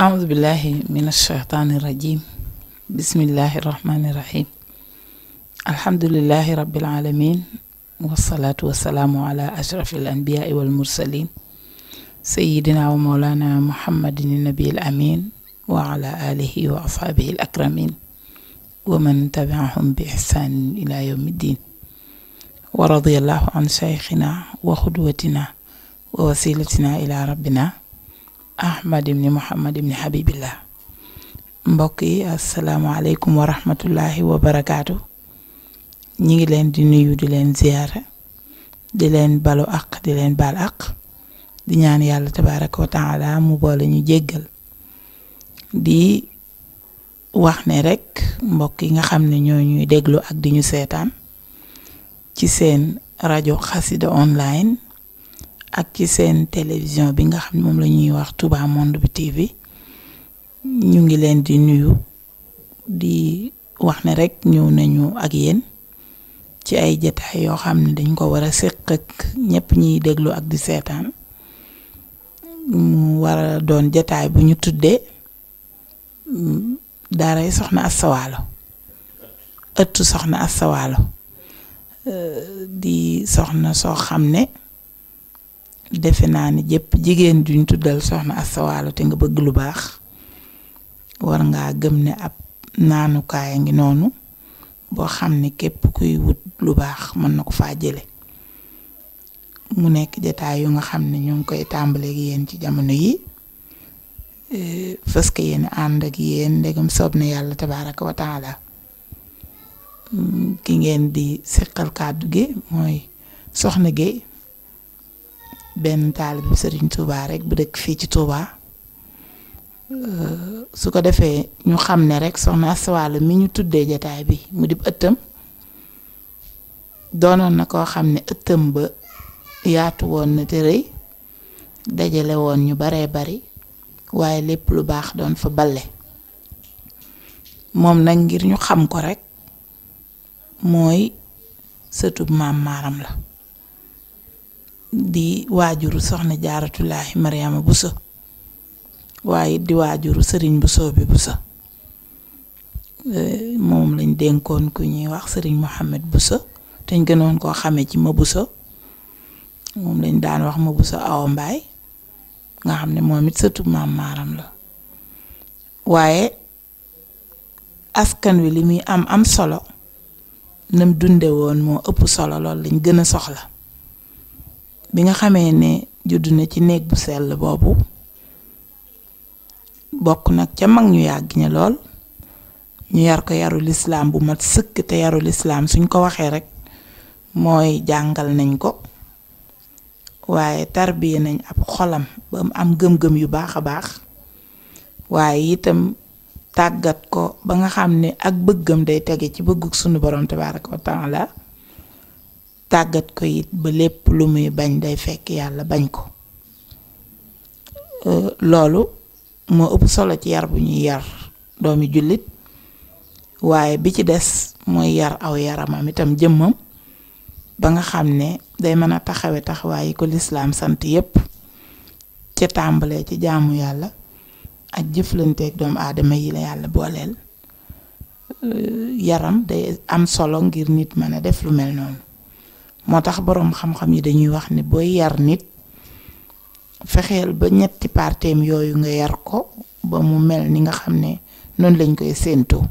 aousubillahi min alcheytaani irajim bismillahi irrahmani irrahim alhamdulilahi rabilalamin wasalaatu wasalaamu ala ashrafi al anbiyaai walmursalin sayidina wa moolana muhammadin nabiil amin wa ala alihi wa ashaabihi al akramin wa man tabiahum bi ihsaanin ila yowmi ddin wa radiallahu an cheikhina wa xudwatina wa wasilatina ila rabbina ahmad ibni muhammad ibni habibillah mbokk yi asalaamaaleykum wa rahmatullahi ñi ngi leen di nuyu di leen ziyaara di leen balu aq di leen baal aq di ñaan yàlla tabaaraka wa mu boole ñu jéggal di wax ne rekk mbokk yi nga xam ne ñoo ñuy déglu ak di ñu seetaan ci seen rajo xasida online ak ci seen télévision bi nga xam ne moom lañuy ñuy wax Touba Monde bi TV ñu ngi leen di nuyu di wax ne rekk ñëw nañu ak yéen ci ay jataay yoo xam ne dañ ko war a séq ak ñëpp ñiy déglu ak di seetaan mu war a doon jataay bu ñu tuddee daaray soxna Asta Walo ëttu soxna Asta Walo euh, di soxna soo xam ne defe naa ni jëpp jigéen duñ tuddal soxna Asta Walo te nga bëgg lu baax war ngaa gëm ni ab naanukaay a ngi noonu boo xam ni képp kuy wut lu baax mën na ko faa jële mu nekk jataay yu nga xam ne ñu ngi koy tàmbaleeg yéen ci jamono yi e, fës yéen ànd ak yéen ndegam soob na yàlla tabaaraka wa taala mm, ki ngeen di seqal kàddu gi mooy soxna gi benn taalib Serigne Touba rekk bu dëkk fii ci Touba euh, su ko defee ñu xam ne rekk soxna Asta Walo mi ñu tuddee jataay bi mu di ëttam doonoon na koo xam ne ëttam ba yaatu woon na te rëy dajale woon ñu baree bari waaye lépp lu baax doon fa balle moom nag ngir ñu xam ko rekk mooy sëtub maam maaram la di waajuru soxna jaaratullaahi Mariama Bousso waaye di waajuru sëriñ Bousso bi Bousso euh, moom lañ dénkoon ku ñuy wax sëriñ Mohamed Bousso te ñu gënoon koo xamee ci ma Bousso moom lañ daan wax ma Bousso aw Mbaay nga xam ne moom it sëtu maam maaram la waaye askan wi li muy am am solo nem dunde woon moo ëpp solo lool lañ gën a soxla bi nga xamee ne judd na ci néeg bu sell boobu bokk nag ca mag ñu yàgg ña lool ñu yar ko yaru lislaam bu mat sëkk te yaru lislaam suñ ko waxee rek mooy jàngal nañ ko waaye tarbiye nañ ab xolam ba am gëm-gëm yu baax a baax waaye itam tàggat ko ba nga xam ne ak bëggam day tege ci bëggug sunu borom tabaaraka wa taala tàggat ko it ba lépp lu muy bañ day fekk yàlla bañ ko euh, loolu moo ëpp solo ci yar bu ñuy yar doomi jullit waaye bi ci des mooy yar aw yaramam itam jëmmam ba nga xam ne day mën a taxawe taxawaay yi ko lislaam sant yépp ca tàmbalee ci jaamu yàlla ak jëflanteeg doomu aadama yi la yàlla booleel euh, yaram day am solo ngir nit mën a def lu mel noonu moo tax boroom xam-xam yi dañuy wax ni booy yar nit fexeel ba ñetti parteem yooyu nga yar ko ba mu mel ni nga xam ne noonu lañ koy séentoo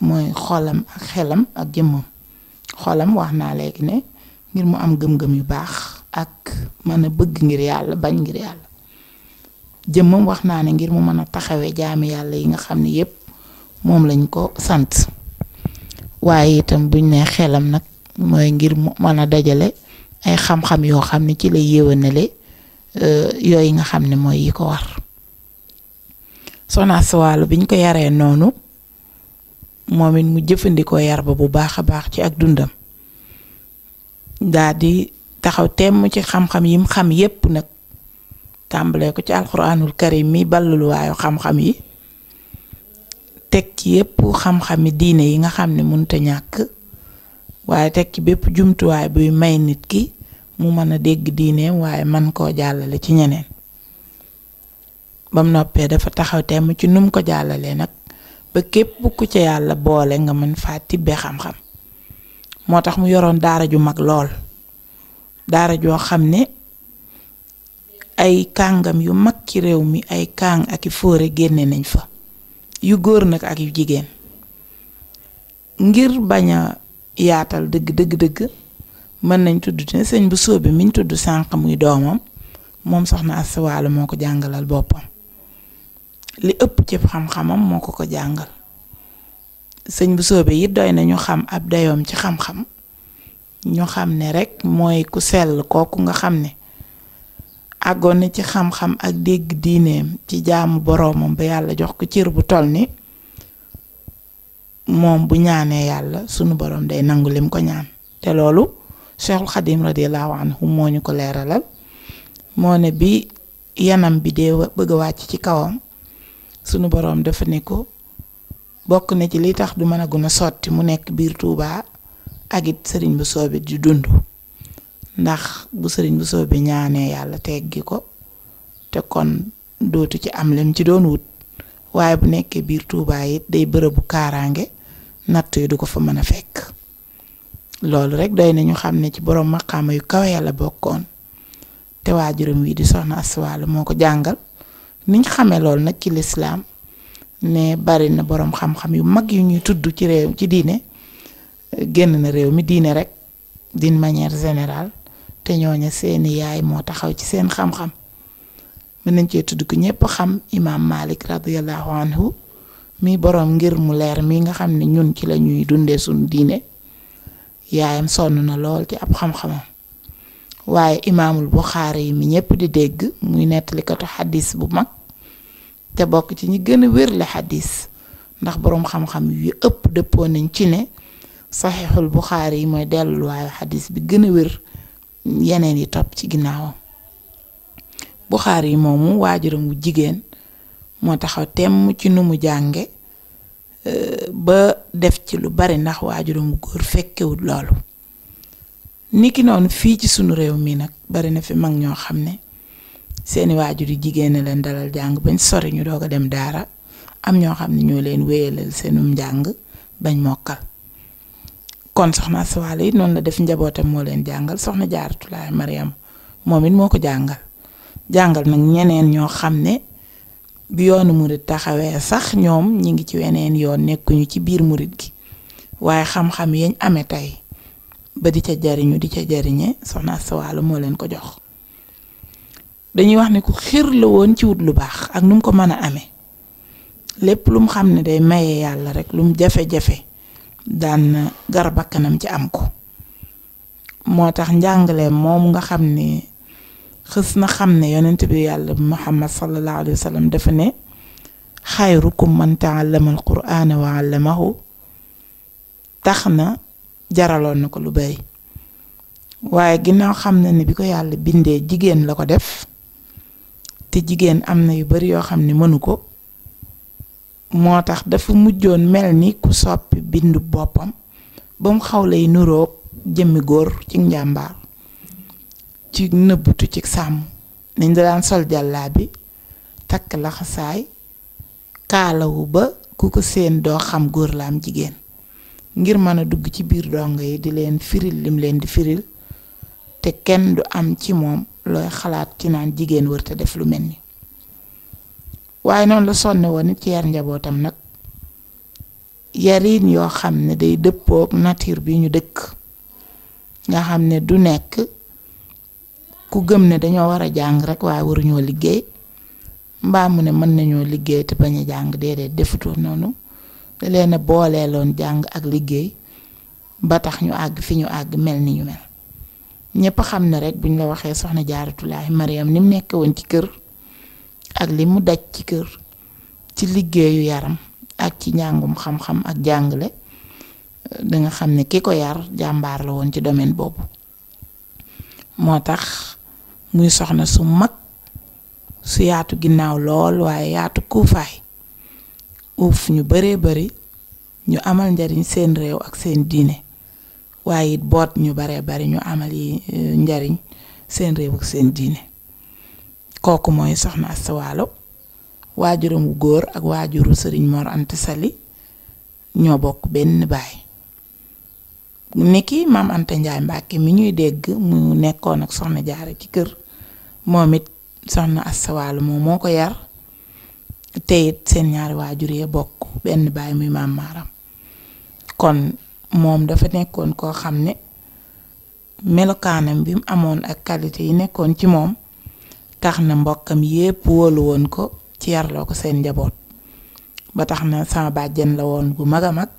mooy xolam ak xelam ak jëmmam xolam wax naa léegi ne ngir mu am gëm-gëm yu baax ak mën a bëgg ngir yàlla bañ ngir yàlla jëmmam wax naa ne ngir mu mën a taxawee jaami yàlla yi nga xam ne yépp moom lañ ko sant waaye itam buñ ne xelam nag mooy ngir mu a dajale ay xam-xam yoo xam ne ci la yéwénale euh, yooyu nga xam ni mooy yi ko war soxna Aswaalu biñ ko yaree noonu moom it mu jëfandikoo yar ba bu baax a baax ci ak dundam daadi taxaw taxaw mu ci xam-xam yim xam yépp nag tàmbalee ko ci alxuraanul karim mi ballul waayu xam-xam yi teg ci yépp xam-xami diine yi nga xam ni mënut a ñàkk waaye teg bépp jumtuwaay buy may nit ki mu mën a dégg diineem waaye man koo jàllale ci ñeneen bam noppee dafa taxaw temm ci num ko jàllalee nag ba képp ku ca yàlla boole nga mën faa tibbee xam-xam moo tax mu yoroon daara ju mag lool daara joo xam ne ay kàngam yu mag ci réew mi ay kàng ak i fóore génne nañ fa yu góor nag ak yu jigéen ngir bañ yaatal dëgg dëgg dëgg mën nañ tudd te sëñ bu sóobe miñ tudd sànq muy doomam moom soxna Asta Walo moo ko jàngalal boppam li ëpp ci xam moo ko ko jàngal sëñ bu sóobe it doy nañu xam ab dayoom ci xam-xam ñu xam ne rekk mooy ku sell kooku nga xam ne àggoon na ci xam-xam ak dégg diineem ci jaamu boroomam ba yàlla jox ko cër bu toll ni moom bu ñaanee yàlla sunu borom day nangu lem ko ñaan te loolu Cheikhul Xadim radiyallahu anhu moo ñu ko leeralal moo ne bi yanam bi dee bëgg a wàcc ci kawam sunu borom dafa ne ko bokk na ci li tax du mën a gën a sotti mu nekk biir tuubaa ak it sëriñ bu soobee di dund ndax bu sëriñ bu soobee ñaanee yàlla gi ko te kon dootu ci am lim ci doon wut waaye bu nekkee biir Touba it day bërëbu kaaraange. natt yi du ko fa mën a fekk loolu rek doy nañu xam ne ci boroom maqaama yu kawe yàlla bokkoon te waa waajuram wii di soxna aswaalu moo ko jàngal niñ xame lool nag ci lislaam ne bari na borom xam-xam yu mag yu ñuy tudd ci réew ci diine génn na réew mi diine rek d'une manière générale te ñooña seeni yaay moo taxaw ci seen xam-xam mën nañ cee tudd ko ñépp xam imaam Malik radiyallahu anhu mi boroom ngir mu leer mi nga xam ne ñun ci la ñuy dundee suñu diine yaayam sonn na lool ci ab xam-xamam waaye imaamul Buxaari yi mi ñépp di dégg muy nettalikatu xadis bu mag te bokk ci ñi gën a wérle xadis ndax boroom xam-xam yu ëpp dëppoo nañ ci ne saxiixul Buxaari yi mooy delluwaayu xadiis bi gën a wér yeneen yi topp ci ginnaawam Buxaari yi moomu waajuram wu jigéen moo taxaw temm ci nu mu jànge euh, ba def ci lu bari ndax waajuram bu góor fekkewut loolu niki noonu fii ci sunu réew mii nag bari na fi mag ñoo xam ne seeni waajur yi jigéen leen dalal jàng bañ sori ñu doog a dem daara am ñoo xam ne ñoo leen wéyalal seenum njàng bañ mokkal kon soxna Sawaale it noonu la def njabootam moo leen jàngal soxna Jaaratullaahi Mariam moom it moo ko jàngal jàngal nag ñeneen ñoo xam ne bi yoonu murit taxawee sax ñoom ñi ngi ci weneen yoon nekkuñu ci biir murit gi waaye xam-xam yañ amee tey ba di ca jariñu di ca jariñe soxna Asta moo leen ko jox dañuy wax ne ku xir la woon ci wut lu baax ak nu ko mën a amee lépp lum xam ne day maye yàlla rek lu jafe-jafe daan gar bakkanam ci am ko moo tax njàngaleem moom nga xam ne xës na xam ne yonent bi yàlla muhammad sallallahu alayhi wa dafa ne xayrukum man taallama al quraana wa allamahu tax na jaraloon na ko lu bari waaye ginnaaw xam na ni bi ko yàlla bindee jigéen la ko def te jigéen am na yu bari yoo xam ne mënu ko moo tax dafa mujjoon mel ni ku soppi bindu boppam ba xaw lay nuroog jëmmi góor ci njàmbaar ci nëbbutu ci sàmm dañ da daan sol jàllaa bi takk laxasaay kaalawu ba ku ko séen doo xam góor la jigéen ngir mën a dugg ci biir dongo yi di leen firil lim leen di firil te kenn du am ci moom looy xalaat ci naan jigéen wër def lu mel ni waaye noonu la sonne woon it ci yar njabootam nag yarin yoo xam ne day dëppook nature bi ñu dëkk nga xam ne du nekk ku gëm ne dañoo war a jàng rek waaye waruñoo liggéey mbaam mu ne mën nañoo liggéey te bañ a jàng déedéet defutoon noonu da leen booleeloon jàng ak liggéey ba tax ñu àgg fi ñu àgg mel ni ñu mel ñëpp xam ne rek buñ la waxee soxna jaaratulaahi Mariam ni mu nekkee woon ci kër ak li mu daj ci kër ci liggéeyu yaram ak ci njàngum xam-xam ak jàngale danga xam ne ki ko yar jàmbaar la woon ci domaine boobu moo tax muy soxna su mag su yaatu ginnaaw lool waaye yaatu kuufaay uuf ñu baree bari ñu amal njariñ seen réew ak seen diine waaye it boot ñu baree bari ñu amal yi eh, njariñ seen réew ak seen diine kooku mooy soxna Asta Waalo waajuram góor ak waajuru sëriñ Mor Anta Sali ñoo bokk benn baay niki maam Anta Njaay Mbàkke mi ñuy dégg mu nekkoon ak soxna jaara ci kër moom it soxna astawaalo moom moo ko yar te seen ñaari waajur yee bokk benn baay muy maam maaram kon moom dafa nekkoon koo xam ne melokaanam bi mu amoon ak qualité yi nekkoon ci moom tax na mbokkam yépp wóolu woon ko ci yarloo ko seen njaboot ba tax na sama bàjjen la woon gu mag a mag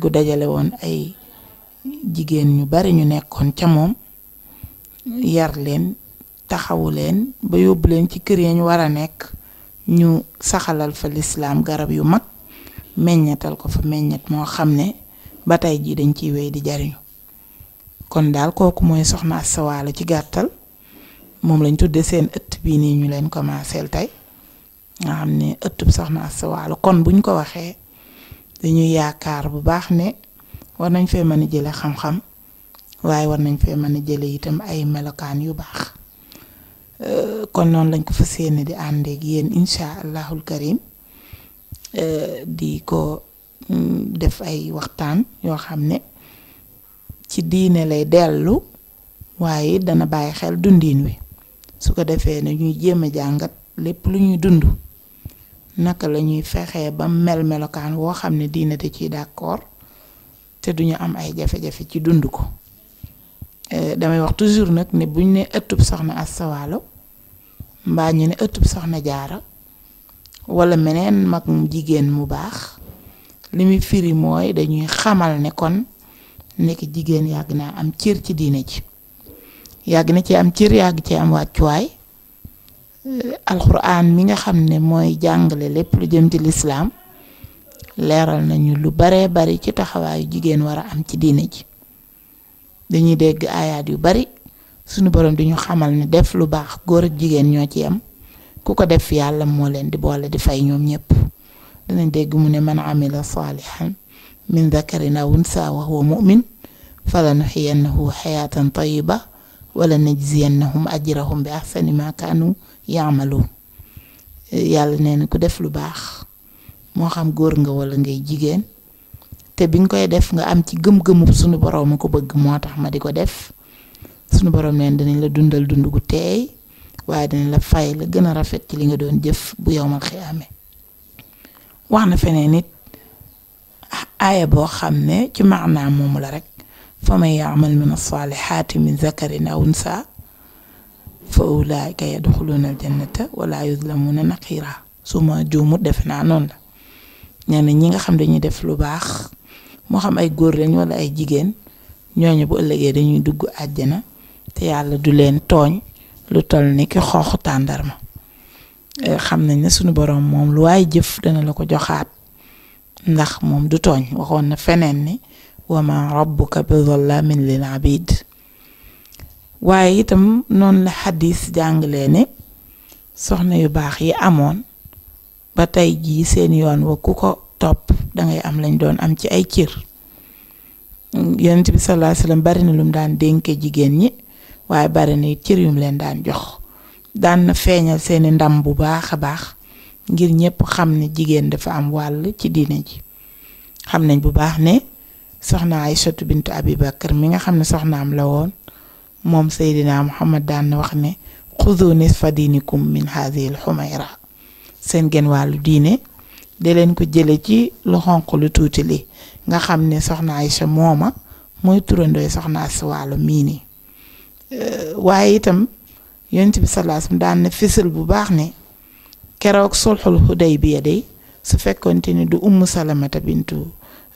gu dajale woon ay jigéen ñu bari ñu nekkoon ca moom yar leen taxawu leen ba yóbbu leen ci kër yañ war a nekk ñu saxalal fa lislaam garab yu mag meññatal ko fa meññet moo xam ne ba tey jii dañ ciy wey di jariñu kon daal kooku mooy soxna Asta ci gàttal moom lañ tuddee seen ëtt bii nii ñu leen commencé tey nga xam ne ëttub soxna Asta kon buñ ko waxee dañuy yaakaar bu baax ne war nañ fee mën a jële xam-xam waaye war nañ fee mën a jële itam ay melokaan yu baax Euh, kon noonu lañ ko fa yéene di àndeeg yéen incha allahul karim euh, di ko mm, def ay waxtaan yoo xam ne ci diine lay dellu waaye dana bàyyi xel dundin wi su ko defee ne ñuy jéem a jàngat lépp lu ñuy dund naka lañuy ñuy fexee ba mel melokaan woo xam ne diine te ciy d'accord te duñu am ay jafe-jafe ci dund ko Eh, damay wax toujours nag ne buñ ne ëttub soxna Asta Walo mbaa ñu ne ëttub soxna jaaro wala meneen mag jigéen mu baax li muy firi mooy dañuy xamal ne kon nekk jigéen yàgg naa am cir ci diine ji yàgg na ci am cir yàgg ci am wàccuwaay eh, alxuraan mi nga xam ne mooy jàngale lépp lu jëm ci lislaam leeral nañu lu baree bari ci taxawaayu jigéen war a am ci diine ji dañuy dégg ayaat yu bari suñu borom di ñu xamal ne def lu baax góor ak jigéen ñoo ci yem ku ko def yàlla moo leen di boole di fay ñoom ñëpp danañ dégg mu ne man amila saalihan min dakarin aw unsa wa huwa mu'min falanuxiyannahu xayaatan tayiba wala najziyannahum ajrahum bi ahsani ma kaanu yaamaluun yàlla nee ku def lu baax moo xam góor nga wala ngay jigéen te bi nga koy def nga am ci gëm-gëmu suñu borom a ko bëgg moo tax ma di ko def suñu boroom neen dinañ la dundal dund gu teey waaye dinañ la fay la gën a rafet ci li nga doon jëf bu yow ma xiyaame wax na feneen nit aaya boo xam ne ci maanaam moomu la rek fa man yaamal min asalihaati min zakarin aw unsa fa ulaayka yadxuluuna aljannata wala yuzlamuuna naqiira su ma juumut defe naa noonu la nee ñi nga xam dañuy def lu baax moo xam ay góor lañ wala ay jigéen ñooñu bu ëllëgee dañuy dugg àjjana te yàlla du leen tooñ lu tol ni ki xooxu tàndarma eh, xam nañ ne sunu boroom moom lu waay jëf dana la ko joxaat ndax moom du tooñ waxoon na feneen ni wama rabbuka bi zallamin lil abid waaye itam noon la xadis jàngalee ne soxna yu baax yi amoon ba tey jii seen yoon wa ku ko topp dangay am lañ doon am ci ay cër yonent bi sallallahu bari na lum daan dénke jigéen ñi waaye bari na cër yum leen daan jox daan na feeñal seeni ndam bu baax a baax ngir ñépp xam ne jigéen dafa am wàll ci diine ji xam nañ bu baax ne soxna Aysatu bintu Abi Bakar mi nga xam ne soxnaam la woon moom Seydina Muhammad daan wax ne xudu nisfa diinikum min haadihil xumayra seen genn wàllu diine de leen ko jële ci lu xonq lu tuuti li nga xam ne soxna Aïcha mooma mooy turandooy soxna Astou Walo mii nii euh, waaye itam yonent bi salaas mu daan na fisal bu baax ne keroog sulxul Hudaybiya day su fekkonte ni du ummu salamata bintu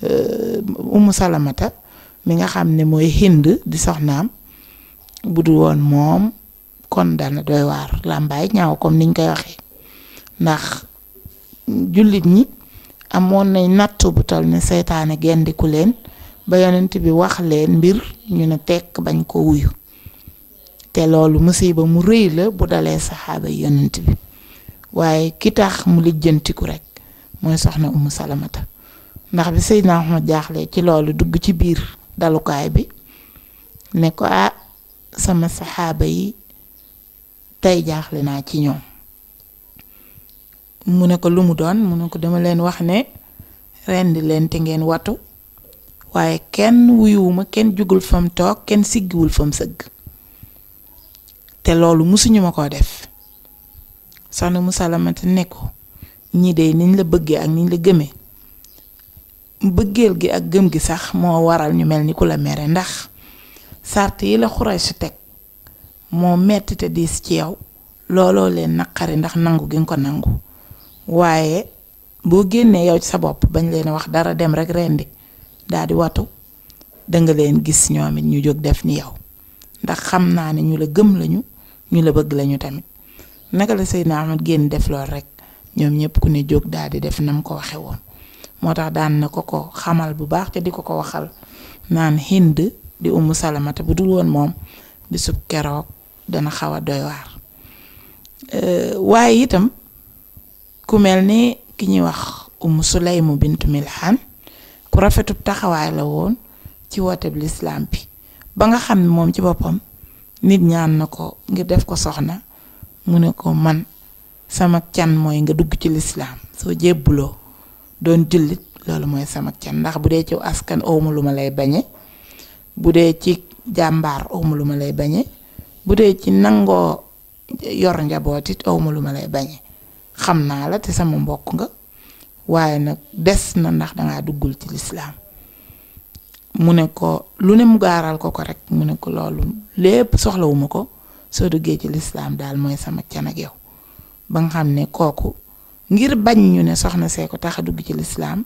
euh, ummu salamata mi nga xam ne mooy hind di soxnaam bu du woon moom kon dana doy waar làmbaay ñaaw comme niñ koy waxee ndax jullit ñi amoon nañ nattu bu toll ne seytaane gendiku leen ba yonent bi wax leen mbir ñu ne tekk bañ ko wuyu te loolu musiba mu rëy la bu dalee saxaaba yonent bi waaye ki tax mu lijjantiku rek mooy soxna Umu Salamata ndax bi naa Ahmad jaaxle ci loolu dugg ci biir dalukaay bi ne ko ah sama saxaaba yi tey jaaxle naa ci ñoom mu ne ko lu mu doon mu ne ko dama leen wax ne rendi leen te ngeen watu waaye kenn wuyuwuma kenn jógul fa mu toog kenn siggiwul fa mu sëgg te loolu musuñu ma koo def soxna mu salamata ne ko ñi de niñ la bëggee ak niñ la gëme bëggeel gi ak gëm gi sax moo waral ñu mel ni ku la mere ndax sart yi la xuraj su teg moo metti te diis ci yow looloo leen naqari ndax nangu gi nga ko nangu waaye boo génnee yow ci sa bopp bañ leen wax dara dem rek rendi daal di watu danga leen gis ñoom it ñu jóg def ni yow ndax xam naa ne ñu la gëm lañu ñu la bëgg lañu tamit naka la Seydina Ahmad génn def lool rek ñoom ñëpp ku ne jóg daal di def nam ko waxe woon moo tax daan na ko ko xamal bu baax te di ko ko waxal naan Hind di Umu Salamata bu dul woon moom bisub keroog dana xaw a doy waar waaye itam ku mel ni ki ñuy wax Umu mu bint Milhan ku rafetub taxawaay la woon ci wooteb lislaam bi ba nga xam ne moom ci boppam nit ñaan na ko ngir def ko soxna mu ne ko man sama can mooy nga dugg ci lislaam soo jébbuloo doon jullit loolu mooy sama can ndax bu dee ci askan awma lu ma lay bañe bu dee ci jàmbaar awma lu ma lay bañe bu dee ci nangoo yor njaboot it awma lu ma lay bañe xam naa la te sama mbokk nga waaye nag des na ndax dangaa duggul ci lislaam mu ne ko lu ne mu gaaral ko ko rek mu ne ko loolu lépp soxlawuma ko soo duggee ci lislaam daal mooy sama can yow ba nga xam ne kooku ngir bañ ñu ne soxna see ko tax dugg ci lislaam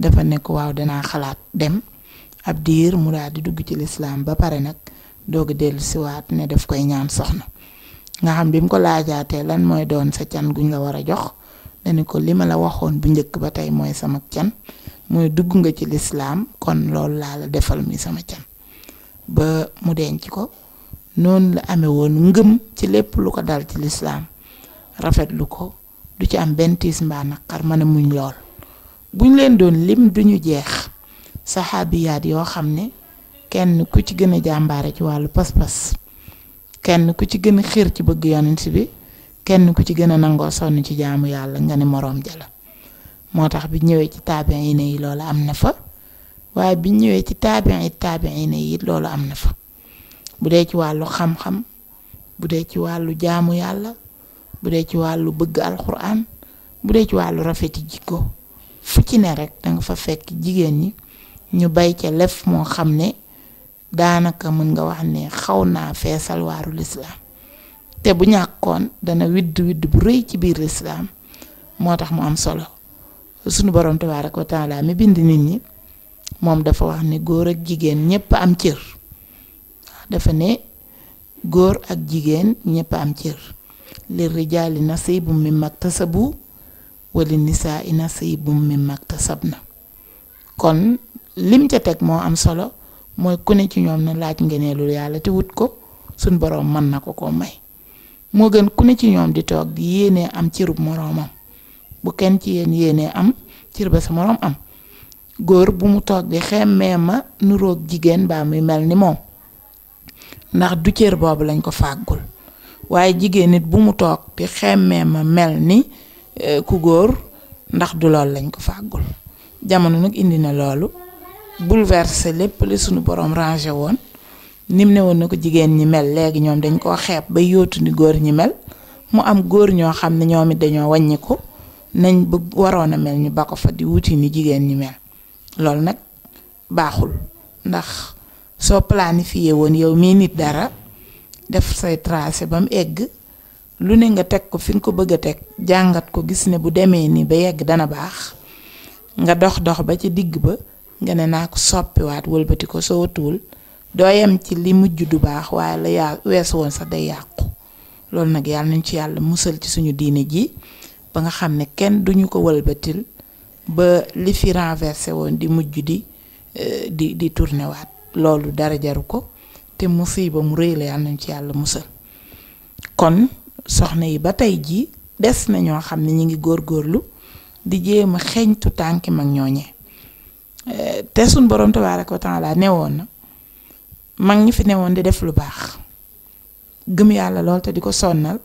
dafa nekk waaw danaa xalaat dem ab diir mu daal di dugg ci lislaam ba pare nag doog a dellu siwaat ne daf koy ñaan soxna nga xam bi mu ko laajaatee lan mooy doon sa can guñ la war a jox dani ko li ma la waxoon bu njëkk ba tey mooy sama can mooy dugg nga ci lislaam kon loolu laa la defal mi sama can ba mu denc ko noonu la amee woon ngëm ci lépp lu ko dal ci lislaam rafetlu ko du ci am benn tiis mbaa naqar mën a muñ lool buñ leen doon lim duñu jeex saxaabiyaat yoo xam ne kenn ku ci gën a jàmbaare ci wàllu pas-pas kenn ku ci gën a xër ci bëgg yonent bi kenn ku ci gën a nangoo sonn ci jaamu yàlla nga ne moroom jala moo tax bi ñëwee ci taabin yi ne yi loolu am na fa waaye bi ñëwee ci taabin yi taabin yi ne yi loolu am na fa bu dee ci wàllu xam-xam bu dee ci wàllu jaamu yàlla bu dee ci wàllu bëgg alxuraan bu dee ci wàllu rafeti jikko fu ci ne rek danga fa fekk jigéen ñi ñu bay ca lef moo xam ne daanaka mën nga wax ne xaw naa feesal waaru lislaam te bu ñàkkoon dana widd widd bu rëy ci biir lislaam moo tax mu am solo sunu borom tabaaraka wa taala mi bind nit ñi moom dafa wax ne góor ak jigéen ñépp am cër dafa ne góor ak jigéen ñépp am cër li rijaali nasibum mimma iktasabu wali nisaa i kon lim ca teg moo am solo mooy ku ne ci ñoom na laaj ngëneelul yàlla te wut ko suñ boroom mën na ko ko may moo gën ku ne ci ñoom di toog di yéenee am cërub moroomam bu kenn ci yéen yéenee am cër ba sa moroom am góor bu mu toog di xemmee ma nuroog jigéen baa muy mel ni moom ndax du cër boobu lañ ko fàggul waaye jigéen nit bu mu toog di xemmee ma mel ni eh, ku góor ndax du loolu lañ ko fàggul jamono nag indi na loolu bul bouleversé lépp li sunu borom rangé woon nim ne woon na ko jigéen ñi mel léegi ñoom dañ koo xeeb ba yóotu ni góor ñi mel mu am góor ñoo xam ne ñoom it dañoo wàññiku nañ bëgg waroon a mel ñu ba ko fa di wuti ni jigéen ñi mel loolu nag baaxul ndax soo planifié woon yow mii nit dara def say tracé ba mu egg lu ne nga teg ko fi nga ko bëgg a teg jàngat ko gis ne bu demee nii ba yegg dana baax nga dox dox ba ca digg ba. nga ne naa ko soppiwaat wëlbati ko soo tuul doo yem ci li mujj du baax waaye la yaa weesu woon sax day yàqu loolu nag yàlla nañ ci yàlla musal ci suñu diine ji ba nga xam ne kenn duñu ko wëlbatil ba li fi renversé woon di mujj di eh, di di tourné loolu dara jaru ko te musiba mu rëy la yàlla nañ ci yàlla musal kon soxna yi ba tey jii des na ñoo xam ne ñu ngi góorgóorlu di jéem a xeeñtu tànki mag ñooñee Eh, te suñ borom tabaaraka wa taala newoon na mag ñi fi newoon di def lu baax gëm yàlla lool te di ko sonnal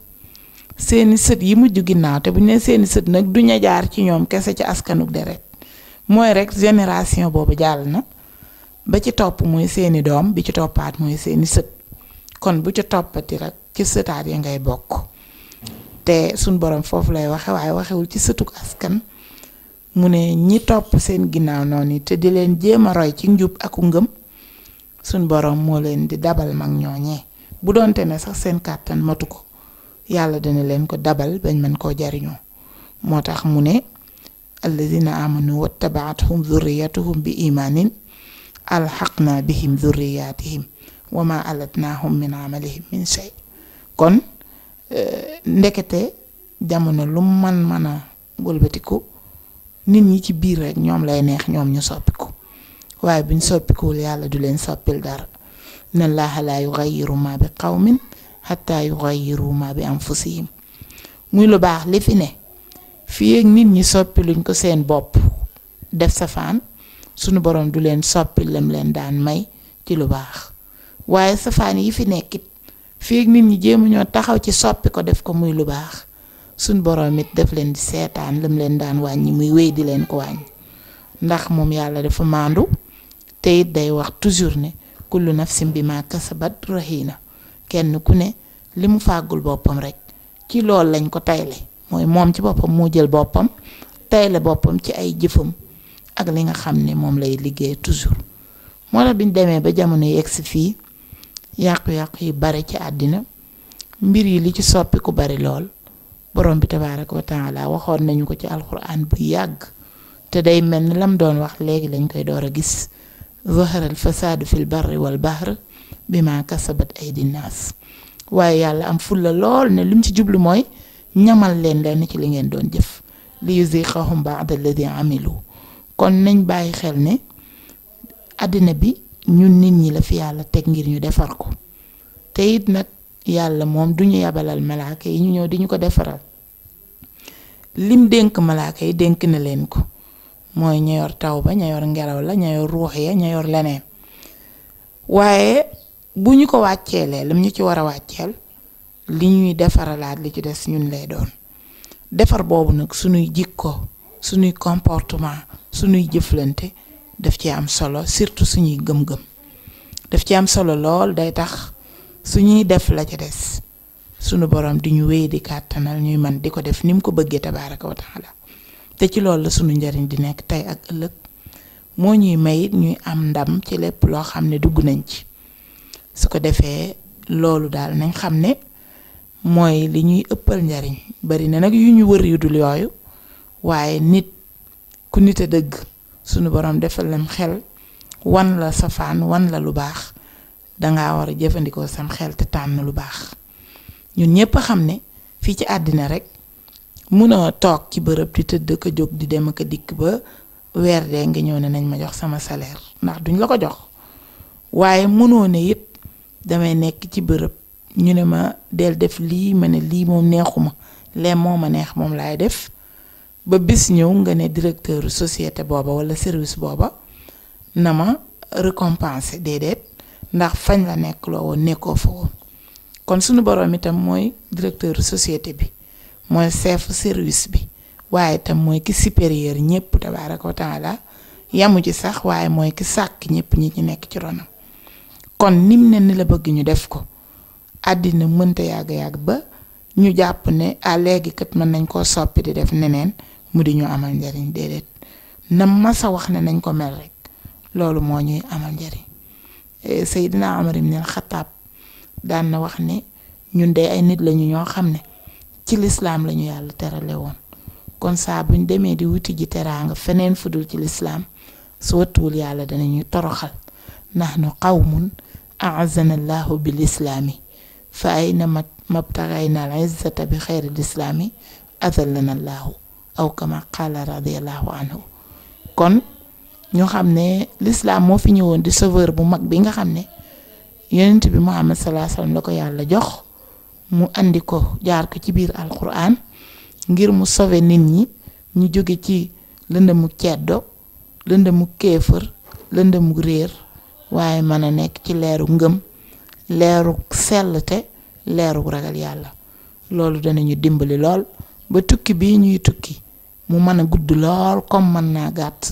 seeni sët yi mujj ginnaaw te bu ñu nee seeni sët nag duñu jaar ci ñoom kese ci askanuk deret mooy rek génération boobu jàll na ba ci topp mooy seeni doom bi ci toppaat mooy seeni sët kon bu ci toppati rek ci sëtaat yi ngay bokk te suñ borom foofu lay waxe waaye waxewul ci sëtuk askan mu ne ñi topp seen ginnaaw noonu te di leen jéem a roy ci njub aku ngëm suñ borom moo leen di dabal mag ñooñee bu doon ne sax seen kàttan matu ko yàlla dana leen ko dabal bañ mën koo jariñoo moo tax mu ne alladina amanu wattabaatuhum zurriyatuhum bi imaanin alxaqna bihim zurriyatihim wama alatnahum min amalihim min shay kon eh, ndekete jamono lu man mën a wëlbatiku nit ñi ci biir rek ñoom lay neex ñoom ñu soppiku waaye buñ soppikuwul yàlla du leen soppil dara inna allaha laa yugayiru ma bi qawmin xataa yugayiru ma bi anfusihim muy lu baax li fi ne fii nit ñi soppi luñ ko seen bopp def safaan sunu boroom du leen soppi lam leen daan may ci lu baax waaye safaan yi fi nekkit fii nit ñi jéemu ñoo taxaw ci soppi ko def ko muy lu baax suñ boroom it def leen di seetaan lam leen daan wàññi muy wéy di leen ko wàññi ndax moom yàlla dafa maandu te it day wax toujours ne kullu nafsin bi ma kasabat rahina kenn ku ne li mu fàggul boppam rek ci loolu lañ ko tayle mooy moom ci boppam moo jël boppam tayle boppam ci ay jëfam ak li nga xam ne moom lay liggéey toujours moo tax biñ demee ba jamono yegsi fii yàqu-yàqu yi bare ci àddina mbir yi li ci soppi ku bari lool borom bi tabaaraka wa taala waxoon nañu ko ci alquran bu yàgg te day mel ni lam doon wax léegi lañ koy door a gis zahara al fasaadu fil barri wal bahri bima kasabat aydi naas waaye yàlla am fulla lool ne lim ci jublu mooy ñamal leen lenn ci li ngeen doon jëf li yuziqahum baada alladi amilu kon nañ bàyyi xel ne àddina bi ñun nit ñi la fi yàlla teg ngir ñu defar ko te it nag yàlla moom du ñu yabalal malaaka yi ñu ñëw di ñu ko defaral lim dénk malaaka yi dénk na leen ko mooy ña yor taw ba ña yor ngelaw la ña ruux ya ña yor leneen waaye bu ñu ko wàcceelee lim ñu ci war a wàcceel li ñuy defaralaat li ci des ñun lay doon defar boobu nag suñuy jikko suñuy comportement suñuy jëflante daf ci am solo surtout suñuy gëm-gëm daf ci am solo lool day tax su ñuy def la ca des sunu borom di ñu wéy di kàttanal ñuy man di ko def ni ko bëggee tabaaraka wa taala te ci loolu la sunu njariñ di nekk tey ak ëllëg moo ñuy may ñuy am ndam ci lépp loo xam ne dugg nañ ci su ko defee loolu daal nañ xam ne mooy li ñuy ëppal njariñ bari na nag yu ñu wër yu dul yooyu waaye nit ku nit a dëgg sunu borom defal lam xel wan la safaan wan la lu baax dangaa war a jëfandikoo sam xel te tànn lu baax ñun ñépp a xam ne fii ci àddina rek munoo toog ci bërëb di tëdd ko jóg di dem ak dikk ba weer dee nga ñëw ne nañ ma jox sama saleer ndax duñ la ko jox waaye mënoo ne it damay nekk ci bërëb ñu ne ma del def lii ma ne lii moom neexuma lee moo ma neex moom laay def ba bis ñëw nga ne directeur société booba wala service booba na ma récompenser déedéet ndax fañ la nekk loo woon nekkoo fa woon kon sunu borom itam mooy directeur société bi mooy chef service bi waaye itam mooy ki supérieur ñëpp tabaaraka wa taala yamu ci sax waaye mooy ki sàkk ñëpp ñu ci nekk ci ronam kon nim ne ni la bëgg ñu def ko àddina mënta yàgg yàgg ba ñu jàpp ne a léegi kat mën nañ koo soppi di def neneen mu di ñu amal njariñ déedéet na masa wax ne nañ ko mel rek loolu moo ñuy amal njariñ Eh, Seydina Omar ibn Xataab daan wax ne ñun de ay nit lañu ñoo xam ne ci lislaam lañu yàlla terale woon kon saa buñ demee di wuti ji teraanga feneen fudul ci lislaam su wattuwul yàlla danañuy toroxal nahnu qawmun aazana allahu bil islaami fa ayna mabtagayna al izzata bi xeyri lislaami azallana allahu aw kama qaala radiallahu kon ñu xam ne lislaam moo fi ñëwoon di sauveur bu mag bi nga xam ne yonent bi Muhammad salaa salaam la ko yàlla jox mu indi ko jaar ko ci biir alquran ngir mu sauver nit ñi ñu jóge ci lëndëmu ceddo lëndëmu kéefër lëndëmu réer waaye mën a nekk ci leeru ngëm leeru sellte leeru ragal yàlla loolu danañu dimbali lool ba tukki bii ñuy tukki mu mën a gudd lool comme mën naa gàtt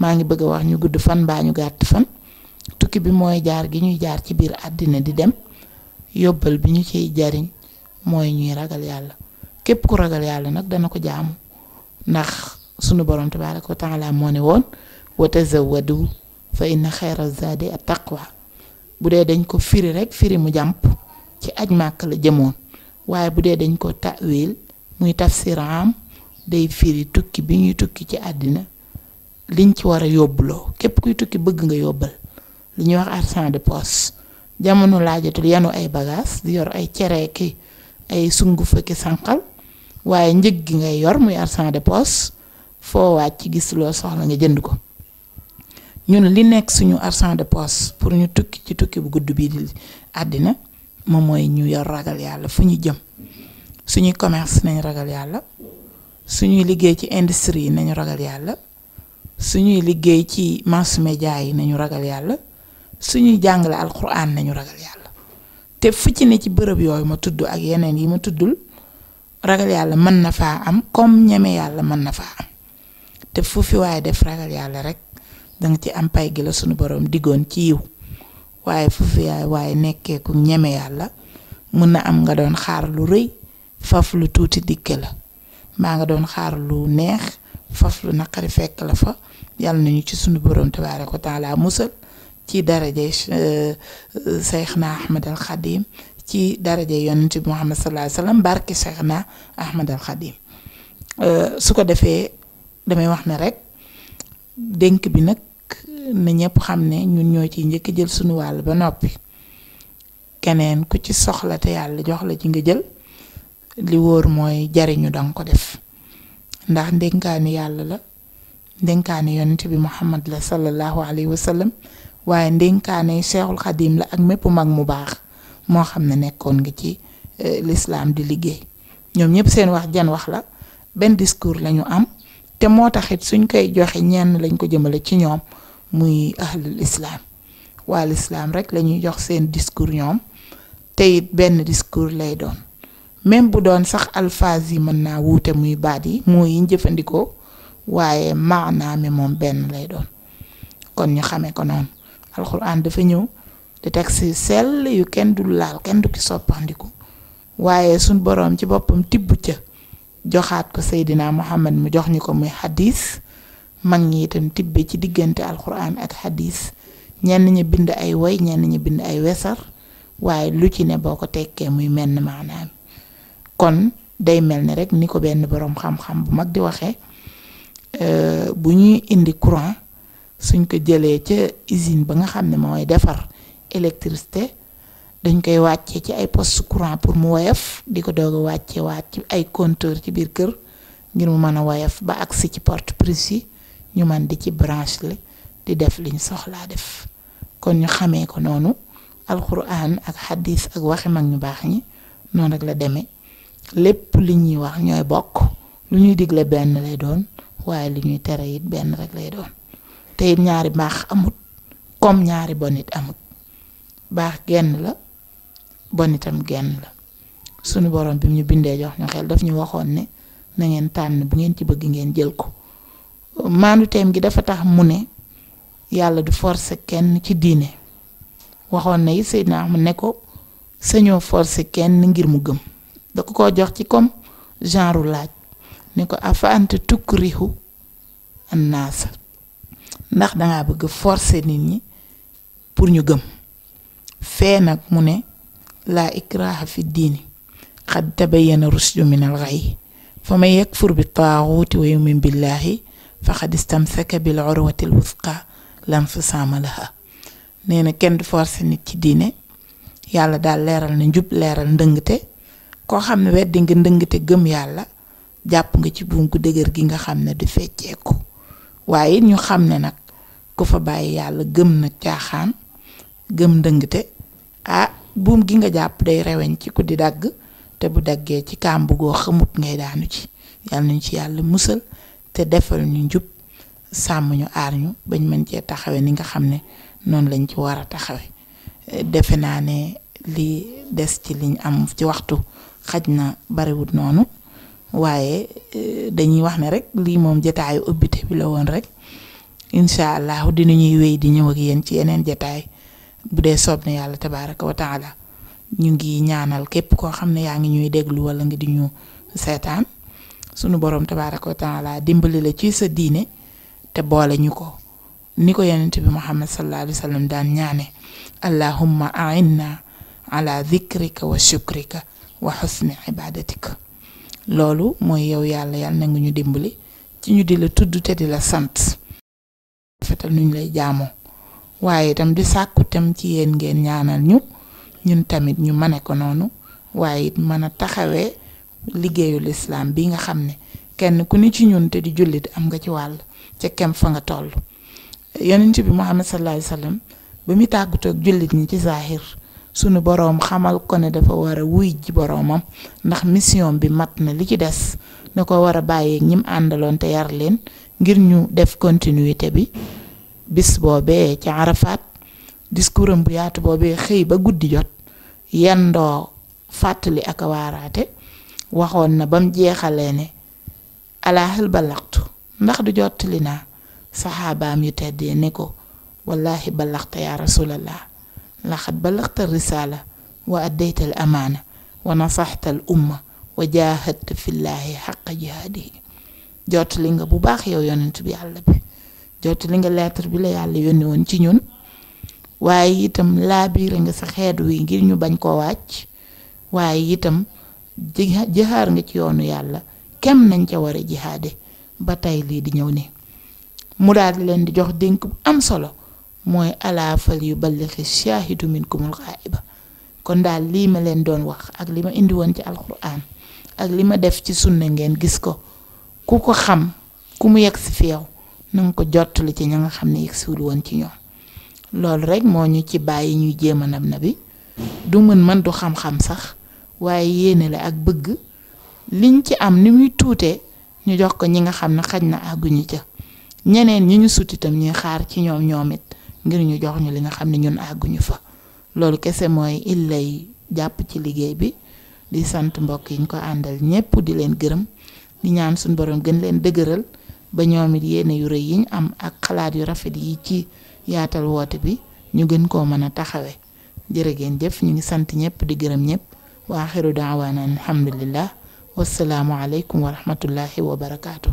maa ngi bëgg a wax ñu gudd fan mbaa ñu gàtt fan tukki bi mooy jaar gi ñuy jaar ci biir àddina di dem yóbbal bi ñu ciy jariñ mooy ñuy ragal yàlla képp ku ragal yàlla nag dana ko jaamu ndax sunu borom tabaaraka wa taala moo ne woon wa tazawwadu fa inna xayra zaadi at taqwa bu dee dañ ko firi rek firi mu jàmp ci aj màkk la jëmoon waaye bu dee dañ ko tawil muy tafsiraam day firi tukki bi ñuy tukki ci àddina liñ ci war a yóbbuloo képp kuy tukki bëgg nga yóbbal li ñuy wax argent de poche jamono laajatul yanu ay bagages di yor ay cere ki ay sungufa ki sànqal waaye njëg gi ngay yor muy argent de poche foo wàcc ci gis loo soxla nga jënd ko ñun li nekk suñu argent de poche pour ñu tukki ci tukki bu gudd bii di àddina moom mooy ñu yor ragal yàlla fu ñu jëm suñuy commerce nañ ragal yàlla suñuy liggéey ci industrie yi nañu ragal yàlla suñuy liggéey ci mass média yi nañu ragal yàlla suñuy jàngale alxuraan nañu ragal yàlla te fu ci ne ci bërëb yooyu ma tudd ak yeneen yi ma tuddul ragal yàlla mën na faa am comme ñeme yàlla mën na faa am te fu waaye def ragal yàlla rek danga ci am pay gi la suñu boroom diggoon ci yiw waaye fu fi yaay waaye nekkee ku ñeme yàlla mun na am nga doon xaar lu rëy faf lu tuuti dikke la maa nga doon xaar lu neex faf lu naqari fekk la fa yàlla nañu ci sunu borom tabaaraka wa taala musal ci daraje Seyxna euh, Ahmad al Xadim ci daraje yonent bi Muhammad sallallahu alayhi wa sallam na Seyxna Ahmad euh, su ko defee damay wax ne rek dénk bi nag na ñëpp xam ne ñun ñoo ci njëkk jël sunu wàll ba noppi keneen ku ci soxla te yàlla jox la ci nga jël li wóor mooy jariñu danga ko def ndax ndénkaani yàlla la ndénkaane yonent bi Muhammad la sallallahu alayhi wa sallam waaye ndénkaane Cheikhul Xadim la ak mépp mag mu baax moo xam ne nekkoon ngi ci eh, lislaam di liggéey ñoom ñëpp seen wax jan wax la benn discours lañu am te moo taxit suñ koy joxee ñenn lañ ko jëmale ci ñoom muy ahlul islaam waa lislaam rek lañuy jox seen discours ñoom te it benn discours lay doon même bu doon sax alphase yi mën naa wuute muy baat yi mooy yiñ jëfandikoo waaye maanaa mi moom benn lay doon kon ñu xamee ko noonu alxuraan dafa ñëw di teg si sell yu kenn du laal kenn du ki soppandiku waaye suñ boroom ci boppam tibb ca joxaat ko Seydina Muhammad mu jox ñu ko muy xadis mag ñi itam bi ci diggante alxuraan ak xadis ñenn ñi bind ay woy ñenn ñi bind ay wesar waaye lu ci ne boo ko tekkee muy menn maanaam kon day mel ni rek ni ko benn boroom xam-xam bu mag di waxee Euh, bu ñuy indi courant suñ ko jëlee ca usine ba nga xam ne mooy defar électricité dañ koy wàccee ci ay post courant pour mu woyof di ko doog a wàccee waat ci ay compteur ci biir kër ngir mu mën a woyof ba agsi ci porte prise yi ñu man di ci branche li di def liñ soxlaa def kon ñu xamee ko noonu alxuraan ak xaddis ak waxi mag ñu baax ñi noonu rek la demee lépp li ñuy wax ñooy bokk lu ñuy digle benn lay doon waaye li ñuy tere it benn rek lay doon te ñaari baax amut comme ñaari bon it amut baax genn la bon itam genn la sunu borom bi ñu bindee jox ñu xel daf ñu waxoon ne na ngeen tànn bu ngeen ci bëgg ngeen jël ko maandu gi dafa tax mu ne yàlla du forcer kenn ci diine waxoon na it naa mu ne ko sañoo forcer kenn ngir mu gëm da ko ko jox ci comme genre laaj. ni ko afa anta tukkurihu annaasa ndax danga bëgg forcer nit ñi pour ñu gëm fee nag mu ne la ikraha fi diini xad tabayyana rushdu min al ghayy fa man yakfur bi taaxuuti wa yumin billaahi faqad istamsaka bil urwati al wusqa lam fisaama laha nee na kenn du forcer nit ci diine yàlla daal leeral na njub leeral ndëngte koo xam ne weddi nga ndëngte gëm yàlla jàpp nga ci buum gu dëgër gi nga xam ne du fecceeku waaye ñu xam ne nag ku fa bàyyi yàlla gëm na caaxaan gëm ndëngte ah buum gi nga jàpp day reweñ ci ku di dagg te bu daggee ci kàmb goo xamut ngay daanu ci yàlla nañ ci yàlla musal te defal ñu njub sàmm ñu aar ñu bañ mën cee taxawe ni nga xam ne noonu lañ ci war a taxawe eh, defe naa ne li des ci liñ am ci waxtu xaj na bariwut noonu waaye eh, dañuy wax ne rek lii moom jataayu ubbite bi la woon rek incha allahu dinañuy wéy di ñëw ak yéen ci yeneen jataay bu dee soob na yàlla tabaaraka wa taala ñu ngi ñaanal képp koo xam ne yaa ngi ñuy déglu wala nga di ñu seetaan sunu borom tabaaraka wa taala dimbali la ci sa diine te boole ñu ko ni ko yonent bi Muhammad sallallahu alayhi wa sallam daan ñaane allahumma ainna ala dhikrika wa shukrika wa xusni ibadatika loolu mooy yow yàlla yàlla nangu ñu dimbali ci ñu di la tudd te di la sant fetal nuñ lay jaamoo waaye itam di sàkku tam ci yéen ngeen ñaanal ñu ñun tamit ñu mane ko noonu waaye it mën a taxawee liggéeyu lislaam bi nga xam ne kenn ku ni ci ñun te di jullit am nga ci wàll ca kem fa nga toll yonent bi Muhammad sallallahu alayhi wasallam ba mu jullit ñi ci zaahir sunu boroom xamal ko ne dafa war a wuy ji boroomam ndax mission bi mat na li ci des da ko war a bàyyi ñim àndaloon te yar leen ngir ñu def continuité bi bis boobee ca Arafat discours bu yaatu boobee xëy ba guddi jot yendoo fàttali ak waaraate waxoon na bam jeexalee ne alaaxal balaxtu ndax du jottali naa saxaabaam yu teddee ne ko wallahi balaxta yaa rasulallah لقد بلغت الرسالة وأديت الأمانة ونصحت الأمة وجاهدت في الله حق جهاده jot li nga bu baax yow yonent bi yàlla bi jot li nga lettre bi la yàlla yónni woon ci ñun waaye itam laabiire nga sa xeet wi ngir ñu bañ koo wàcc waaye itam jihaar nga ci yoonu yàlla kem nañ ca war a jihaade ba tey lii di ñëw ni mu daal di leen di jox dénk bu am solo mooy alaa fal yu ballixi shaahidu minkumul xaa'iba kon daal lii ma leen doon wax ak li ma indi woon ci alxuraan ak li ma def ci sunna ngeen gis ko ku ko xam ku mu yegg si fi yow na ko jottali ci ña nga xam ne yegg woon ci ñoom loolu rek moo ñu ci bàyyi ñuy jéem a na bi du mën mën du xam-xam sax waaye yéene la ak bëgg liñ ci am ni muy tuutee ñu jox ko ñi nga xam ne xaj na àgguñu ca ñeneen ñi ñu sut itam ñuy xaar ci ñoom ñoom it ngir ñu jox ñu li nga xam ne ñun àgguñu fa loolu kese mooy il lay jàpp ci liggéey bi di sant mbokk yi ñu ko àndal ñépp di leen gërëm di ñaan suñu borom gën leen dëgëral ba ñoom it yéene yu rëy yi ñu am ak xalaat yu rafet yi ci yaatal woote bi ñu gën koo mën a taxawee jërë geen jëf ñu ngi sant ñépp di gërëm ñépp waaxiru daawaana alhamdulillah wasalaamualeykum wa rahmatullahi wa barakaatu.